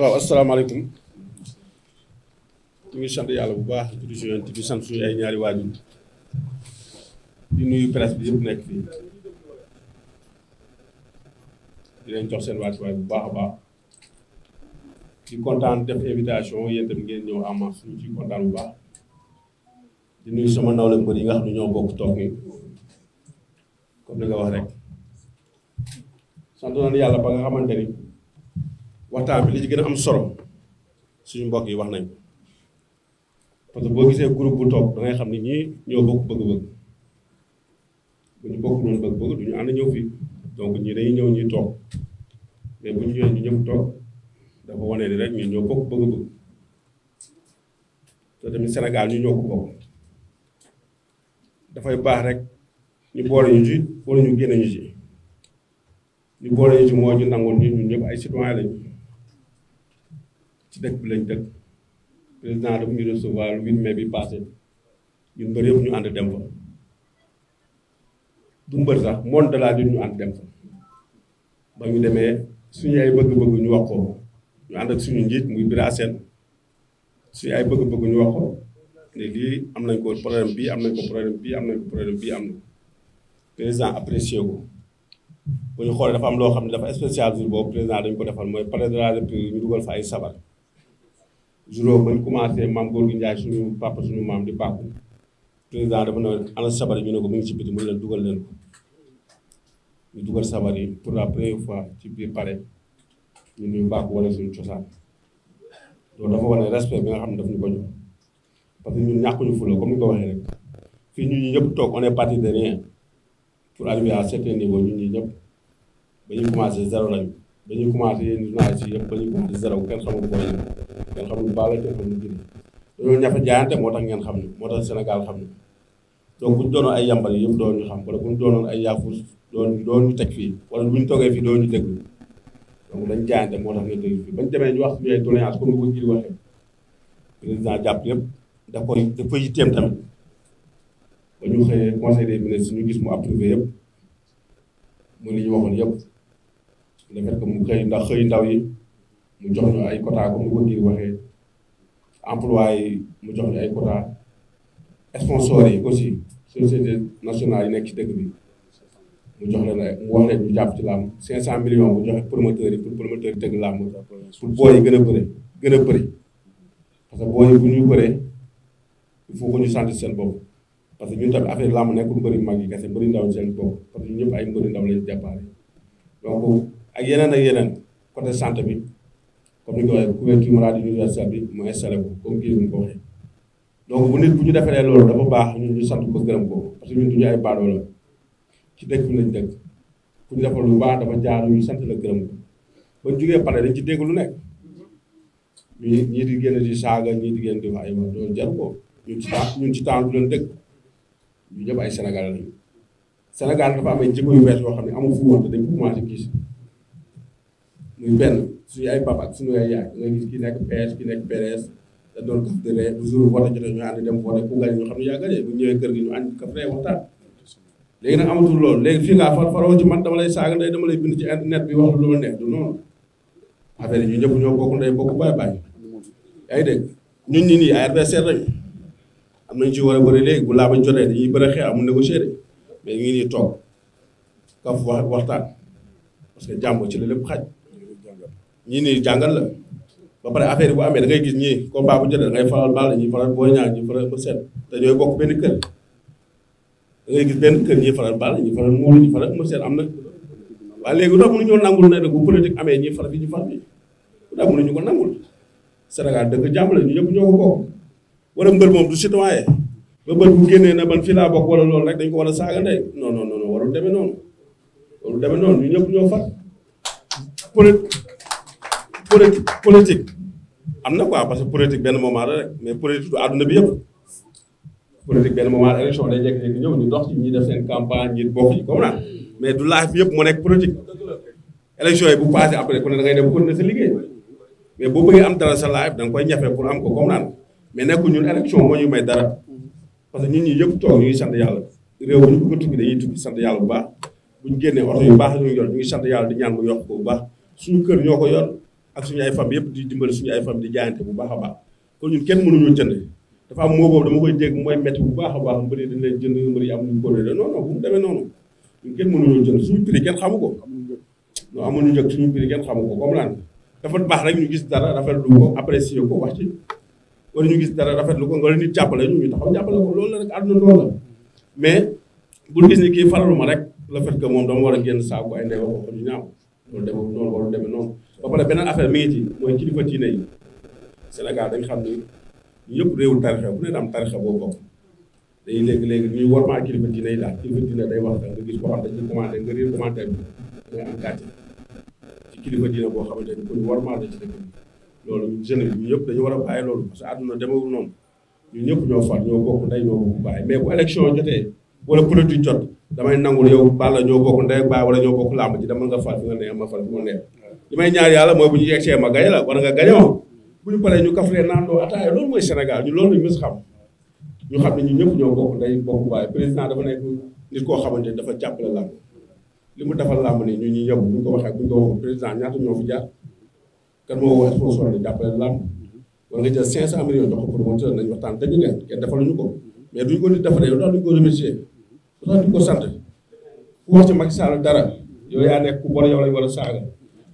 waaw asalaamaaleykum ñu ngi sant yàlla bu baax di juyante bi sant suñu ay ñaari waajur di nuyu presse bi yëpp nekk fii di leen jox seen wàccuwaay bu baax a baax di kontaan def invitation yéen tamit ngeen ñëw en masse ñu ci kontaan bu baax di nuyu sama nawle mbër yi nga xam ne ñoo bokk toog nii comme ni nga wax rek sant nañu yàlla ba nga xamante ni. waxtaan bi li ci gën a am solo suñu mbokk yi wax nañ ko parce que boo gisee groupe bu toog da ngay xam ni ñii ñoo bokk bëgg-bëgg bu ñu bokk noonu bëgg-bëgg du ñu ànd ñëw fii donc ñii dañuy ñëw ñuy toog mais bu ñu ñëwee ñu ñëpp toog dafa wane ni rek ñun ñoo bokk bëgg-bëgg te tamit Sénégal ñu ñoo ko bokk dafay baax rek ñu boole ñu ci wala ñu génne ñu ci ñu boole ñu ci ñu nangoon ñun ñëpp ay citoyen lañu. ci dëkk bi lañ dëkk président daf ñu recevoir le 8 mai bi passé ñun mbër yëpp ñu ànd dem fa du mbër sax monde de la lutte ñu ànd dem fa ba ñu demee suñu ay bëgg-bëgg ñu wax ko ñu ànd ak suñu njiit muy Bira Sène suñu ay bëgg-bëgg ñu wax ko ne lii am nañ ko problème bii am nañ ko problème bii am nañ ko problème bii am na président apprécié ko bu ñu xoolee dafa am loo xam ne dafa spécial jour boobu président dañ ko defal mooy palais de la République ñu dugal fa ay sabar juróom bañ commencé maam góor gi Njaay suñu papa suñu maam di bàkku président dafa ne ana sabar ñu ne ko mu ngi si biti mu leen dugal leen ko ñu dugal sabar yi pour la première fois ci biir pare ñu nuy bàkku wala suñu cosaan loolu dafa wane respect bi nga xam daf ñu ko parce que ñun ñàkkuñu fula comme ni ko waxee rek fii ñun ñëpp toog on est parti de rien pour arriver à certain niveau ñun ñi ñëpp ba ñu commencé zéro lañu dañuy commencé yéen journalistes yi yëpp dañuy commencé zéro kenn xamul booy ñëw kenn xamul baale kenn xamul jëriñ dañoo ñafe jaayante moo tax ngeen xam ne moo tax senegal xam ne donc bu ñu doonoon ay yambal yëpp doon ñu xam wala bu ñu doonoon ay yaafus doon doon ñu teg fii wala bu ñu toogee fii doon ñu déglu donc dañ jaayante moo tax ngeen déglu fii bañ demee ñu wax suñu ay doléance comme ni ko jiri waxee président jàpp yëpp da koy dafa yitteem tamit ba ñu xëyee conseil des ministres ñu gis mu approuvé yëpp mu li ñu waxoon yëpp le fait que mu xëy ndax xëy ndaw yi mu jox ñu ay quota comme ni ko kii waxee emploi yi mu jox ñu ay quota sponsors yi aussi société nationale yi nekk ci dëkk bi mu jox leen ay mu wax leen ñu jàpp ci làmb cinq cent millions mu joxe promoteurs yi pour promoteurs yi tëgg làmb pour booy yi gën a bëre gën a bëri parce que booy yi bu ñuy bëree il faut que ñu sentir seen bopp parce que ñu ñun tamit affaire làmb nekkul bëri mag yi kese mbëri ndaw seen bopp parce que ñun ñëpp ay mbëri ndaw lañu ak yeneen ak yeneen côté santé bi comme ni nga ko waxee couverture maladie universelle bi mu installé ko comme kii ni ko waxee bu nit bu loolu dafa baax ñun ñu sant ko gërëm ko parce que ñun duñu ay la ci dëkk bi lañ dëkk ku ñu defal lu baax sant la gërëm ko ba ñu dañ ci dégg lu nekk ñii ñii di génn di saaga ñii di génn di wax ci temps ñun ci temps du ay Sénégalais lañu Sénégal dafa am ay jikko yu bees yoo xam ne amul fu mu te dañ ko commencé gis. muy benn suñu ay papa ak suñu ay yaay da gis ki nekk PS ki nekk PDS da de ree bu jour vote jotee ñu ànd bu ñëwee kër gi ñu ànd waxtaan nag amatul loolu léegi fii ngaa far man dama lay saaga dama lay bind ci bi wax lu ñu ñëpp ñoo bokk ndey bokk baay baay yaa ngi dégg ñun ñi nii ay am nañ ci war a bëri bu laa bañ jotee dañuy bëri xeex amul négocier de mais ñu ngi toog kaf wax waxtaan parce que jàmm ci la lépp xaj ñii nii jàngal la ba pare affaire yi bu amee da ngay gis ñii combat bu jotee da ngay faral Balla ñii faral Boy Niang ñii faral Eumeu Sène te bokk benn kër da ngay gis benn kër ñii faral Balla ñii faral Modou ñii faral Eumeu Sène am na waaye léegi ndax mënuñoo nangul ne nag bu politique amee ñii faral bi ñu faral bi ndax ñu ko nangul Sénégal dëkk jàmm ñu ñëpp ñoo ko bokk wala mbër moom du citoyen ba mbër bu génnee na ban fii laa bokk wala loolu rek dañ ko war a saaga ndey non non non warul demee noonu warul demee ñëpp ñoo far politique am na quoi parce que politique benn moment la rek mais politique du àdduna bi yëpp politique benn moment la élection day jékki-jékki ñëw ñu dox ci ñi def seen campagne ñi bokk yi naan mais du laaj bi yëpp moo nekk politique élection yi bu passé après ku ne da ngay dem continuer sa liggéey mais boo da nga koy ñafe pour am ko comme naan mais nekkul ñun bu ñu bëgg a tukki dañuy tukki sant yàlla bu baax bu ñu génnee oto yu baax di ñaan mu yokk ko bu baax suñu kër ñoo ko yor ak suñu ay fam yëpp di dimbali suñu ay fam di jaayante bu baax a baax kon ñun kenn mënuñoo jënd dafa am moo boobu dama koy dégg mooy métti bu baax a leen jënd mbëri am luñ kóoloo non non bu mu demee noonu ñun kenn mënuñoo jënd suñu prix kenn xamu ko non amuñu njëg suñu prix kenn ko comme lan dafa baax rek ñu gis dara rafetlu ko apprécier ko wax ci wala ñu gis dara rafetlu ko nga leen di jàppale ñu ñu taxaw jàppale ko loolu la rek àdduna loolu mais bu gis kii faraluma rek le fait que moom dama war a genn saako ay ndey wax ko ñu ñaaw noonu ba pare beneen affaire mi ngi ci mooy kilifa diine yi Sénégal dañ xam ni yëpp réewul tarixa bu ne daam tarixa boo bokk dañuy léegi-léegi ñuy war maa kilifa diine yi daal kilifa diine day wax nga gis koo xam dañuy nga réer commentaire bi da ngay am gàcce ci kilifa diine boo xamante ni kon war maa la ci dëkk loolu jeune bi ñu yëpp dañu war a bàyyi loolu parce que àdduna demewul noonu ñu ñëpp ñoo far ñoo bokk ndey ñoo bokk mais bu élection jotee wala ku damay nangul yow Balla ñoo bokk ndey ak baay wala ñoo bokk làmb ji dama may ñaar yàlla mooy bu ñu ñu paree ñu kaf ñu loolu lañ mës xam xam ne ñu ñëpp ñoo bokk ndey bokk baay président dafa nekk nit koo xamante ni dafa jàppale làmb li mu defal làmb ni ñu ñu yëpp bu ñu ko waxee bu ñu ko wax président ñaata ñoo fi jaar kan moo wax sponsor di jàppale làmb war nga jël 500 millions jox ko promoteur nañ waxtaan dëgg ne kenn defaluñu ko mm-hmm. mais duñ ko nit defaree yow daal duñ ko remercier du ko sant ku wax ci Macky Sall dara yow yaa nekk ku bon yow lañ war saaga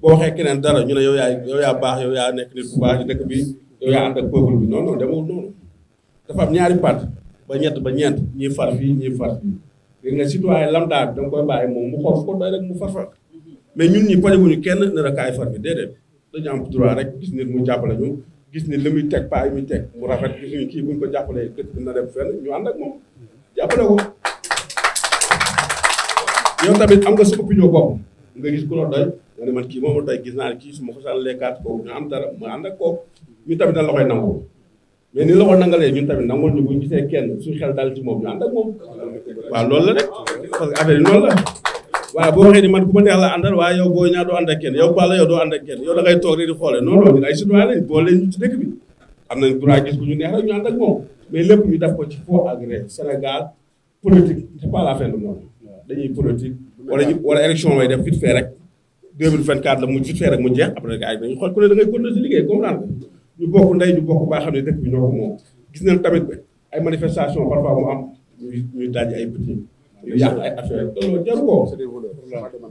boo waxee keneen dara ñu ne yow yaa yow yaa baax yow yaa nekk nit ku baax ci dëkk bi yow yaa ànd ñaari part ba ñett ba ñeent ñii far fii ñii far fii léegi nag citoyen lambda bi da nga koy bàyyi moom mu xool mu farfar mais ñun ñi ñu kenn ne la kaay far bi déedéet dañu am droit rek gis nit mu jàppale ñu gis ni li muy teg paa yi muy teg mu rafet gis ni kii buñ ko jàppalee gët na dem fenn ñu ànd ak moom jàppale ko yow tamit am nga sa opinion bopp nga gis ku la kii moom a gis naa kii su ma ko saan lekkaat kooku ñu am dara ma ànd la koy ni la ko nangalee ñun tamit nangul ñu bu ñu gisee kenn suñu xel daal ci moom ñu ànd ak moom waaw la rek parce que affaire yi noonu la waaw boo waxee ni man ku ma neex la àndal waaye yow boo ñaa doo ànd ak kenn yow Palla yow doo ànd ak kenn yow da toog rek di xoole non non ñun bu ñu neex rek ñu ànd lépp ñu def ko ci faux agré Sénégal politique c'est pas la fin du dañuy politique wala ñu wala élection lay def vite rek 2024 la mu vite fait rek mu jeex après gars yi dañuy xool ku ne da ngay continuer si bokk ndey ñu bokk ba xam ne dëkk ñoo ko moom gis nañ tamit ay manifestation parfois mu am ñuy ñuy daj ay petit yu yàq ay affaire loolu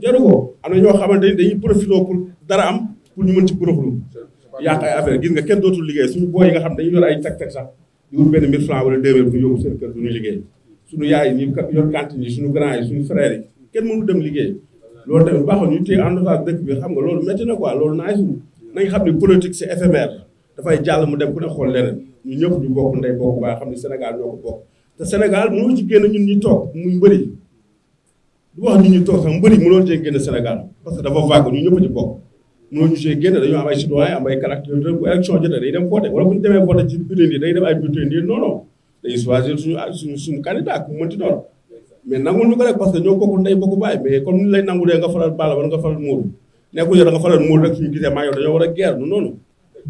jaru ko ko am na ñoo xamante ni dañuy profité pour dara am pour ñu mën ci profité yàq ay affaire gis nga kenn dootul liggéey suñu booy yi nga xam dañuy yor ay teg teg sax di wut benn 1000 francs wala 2000 pour yóbbu seen kër duñu liggéey suñu yaay yi yor cantine yi suñu grand yi suñu frère yi kenn mënu dem liggéey loolu tamit baaxoon ñu téye en otage dëkk bi xam nga loolu métti na quoi loolu naaj suñu nañ xam ne politique c'est éphémère dafay jàll mu dem ku ne xool leneen ñu ñëpp ñu bokk ndey bokk baa xam ne Sénégal ñoo ko bokk te Sénégal mënoo ci génn ñun ñu toog muy mbëri du wax ñun ñu toog sax mbëri mënoo cee génn Sénégal parce que dafa vague ñu ñëpp ci bokk mënoo ñu cee génn dañoo am ay citoyen am ay caractère bu élection jotee day dem voté wala bu ñu demee voté ci bulletin day dem ay bulletin yi non non dañuy choisir suñu suñu suñu candidat ku mënti doon mais nangul ñu ko rek parce que ñoo kooku ndey bokku bàyyi mais comme ñu lay nangu dee nga faral baala ba nga faral muuru nekkul yow da nga faral muuru rek suñu gisee maa yow dañoo war a guerre nu noonu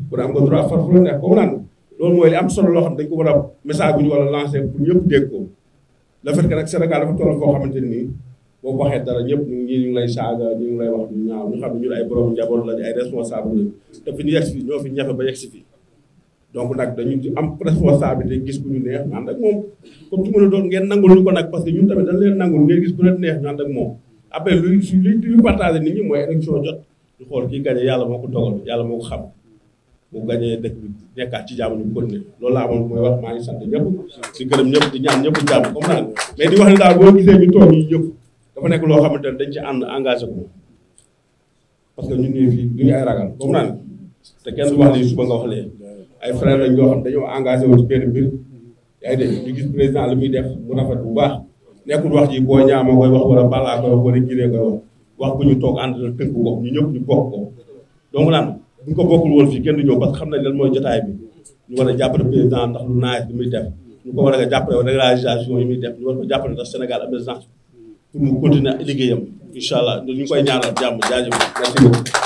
ku ne am nga droit far fu la nekk comme naan loolu mooy li am solo loo xam dañ ko war a message bu ñu war a lancé pour ñëpp dégg ko le fait que nag Sénégal dafa toll foo xamante ni boo waxee dara ñëpp ñu ngi ñu ngi lay saaga ñu ngi lay wax ñu ñaaw ñu xam ne ñu ay borom njaboot la ay responsable la te fi ñu yegg si ñoo fi ñafe ba yegg si fii donc nag dañu ci am responsabilité gis bu ñu neex ñu ànd moom comme su mën a doon ngeen nangul lu ko nag parce que ñu tamit dañ leen nangul ngeen gis ku leen neex ñu ànd ak moom après luy li luy ñu xool ci jàmm ñu continuer laa amoon mooy wax mais di wax ne daal boo gisee yi ñëpp dafa nekk loo xamante ne dañ ci ànd engagé parce que ñun ñii fii duñu ay ragal comme naan te kenn wax lii suba nga wax lee ay frères lañ yoo xam dañoo engagé wu ci benn mbir yaa ngi dégg ñu gis président li muy def mu rafet bu baax nekkul wax ji boo ñaama koy wax wala balaa koy wax wala giree koy wax wax bu ñu toog ànd la tënk ko ñu ñëpp ñu bokk ko donc naan buñ ko bokkul woon fii kenn du ñëw parce que xam nañ lan mooy jotaay bi ñu war a jàppale président ndax lu naaj li muy def ñu ko war a jàppale régularisation yi muy def ñu war ko jàppale ndax Sénégal am na pour mu continuer liggéeyam incha allah ñu koy ñaanal jàmm jaajëf merci beaucoup